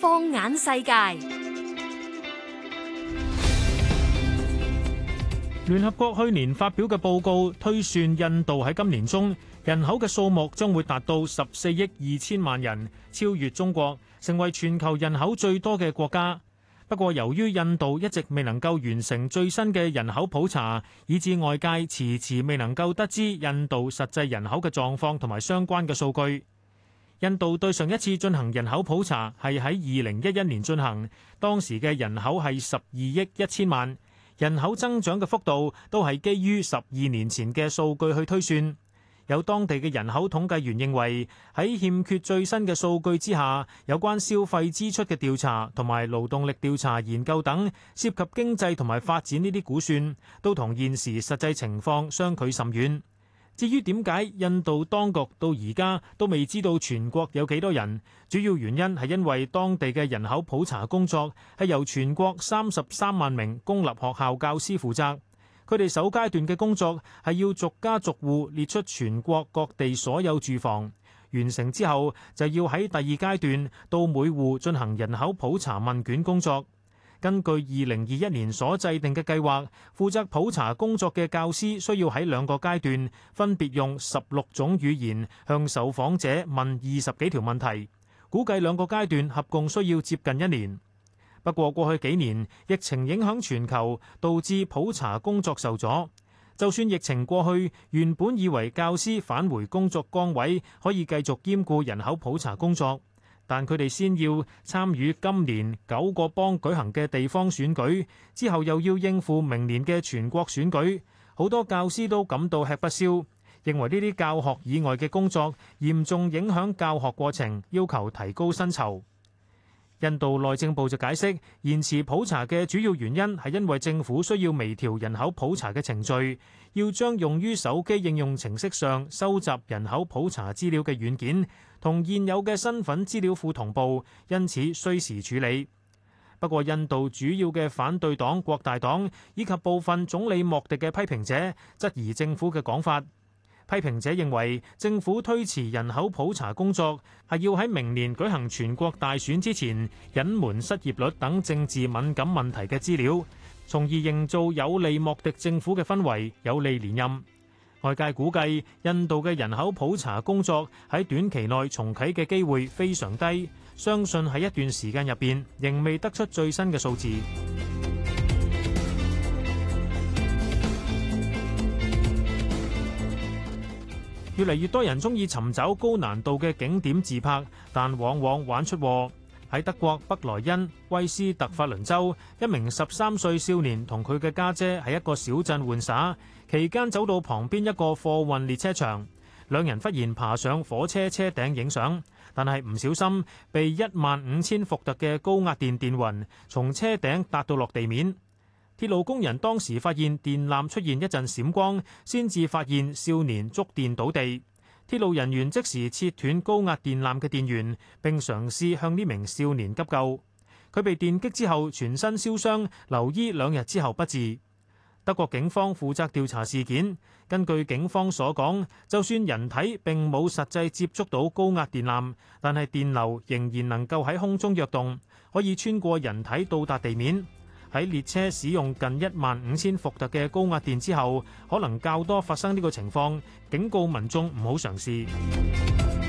放眼世界，聯合國去年發表嘅報告推算，印度喺今年中人口嘅數目將會達到十四億二千萬人，超越中國，成為全球人口最多嘅國家。不過，由於印度一直未能夠完成最新嘅人口普查，以至外界遲遲未能夠得知印度實際人口嘅狀況同埋相關嘅數據。印度對上一次進行人口普查係喺二零一一年進行，當時嘅人口係十二億一千萬，人口增長嘅幅度都係基於十二年前嘅數據去推算。有當地嘅人口統計員認為，喺欠缺最新嘅數據之下，有關消費支出嘅調查同埋勞動力調查研究等涉及經濟同埋發展呢啲估算，都同現時實際情況相距甚遠。至於點解印度當局到而家都未知道全國有幾多人，主要原因係因為當地嘅人口普查工作係由全國三十三萬名公立學校教師負責。佢哋首階段嘅工作係要逐家逐戶列出全國各地所有住房，完成之後，就要喺第二階段到每戶進行人口普查問卷工作。根據二零二一年所制定嘅計劃，負責普查工作嘅教師需要喺兩個階段分別用十六種語言向受訪者問二十幾條問題，估計兩個階段合共需要接近一年。不過過去幾年，疫情影響全球，導致普查工作受阻。就算疫情過去，原本以為教師返回工作崗位可以繼續兼顧人口普查工作，但佢哋先要參與今年九個邦舉行嘅地方選舉，之後又要應付明年嘅全國選舉，好多教師都感到吃不消，認為呢啲教學以外嘅工作嚴重影響教學過程，要求提高薪酬。印度內政部就解釋，延遲普查嘅主要原因係因為政府需要微調人口普查嘅程序，要將用於手機應用程式上收集人口普查資料嘅軟件同現有嘅身份資料庫同步，因此需時處理。不過，印度主要嘅反對黨國大黨以及部分總理莫迪嘅批評者質疑政府嘅講法。批評者認為，政府推遲人口普查工作係要喺明年舉行全國大選之前隱瞞失業率等政治敏感問題嘅資料，從而營造有利莫迪政府嘅氛圍，有利連任。外界估計，印度嘅人口普查工作喺短期內重啟嘅機會非常低，相信喺一段時間入面仍未得出最新嘅數字。越嚟越多人中意尋找高難度嘅景點自拍，但往往玩出禍。喺德國北萊茵威斯特法倫州，一名十三歲少年同佢嘅家姐喺一個小鎮玩耍，期間走到旁邊一個貨運列車場，兩人忽然爬上火車車頂影相，但係唔小心被一萬五千伏特嘅高壓電電暈從車頂達到落地面。鐵路工人當時發現電纜出現一陣閃光，先至發現少年觸電倒地。鐵路人員即時切斷高壓電纜嘅電源，並嘗試向呢名少年急救。佢被電擊之後全身燒傷，留醫兩日之後不治。德國警方負責調查事件，根據警方所講，就算人體並冇實際接觸到高壓電纜，但係電流仍然能夠喺空中躍動，可以穿過人體到達地面。喺列車使用近一萬五千伏特嘅高壓電之後，可能較多發生呢個情況，警告民眾唔好嘗試。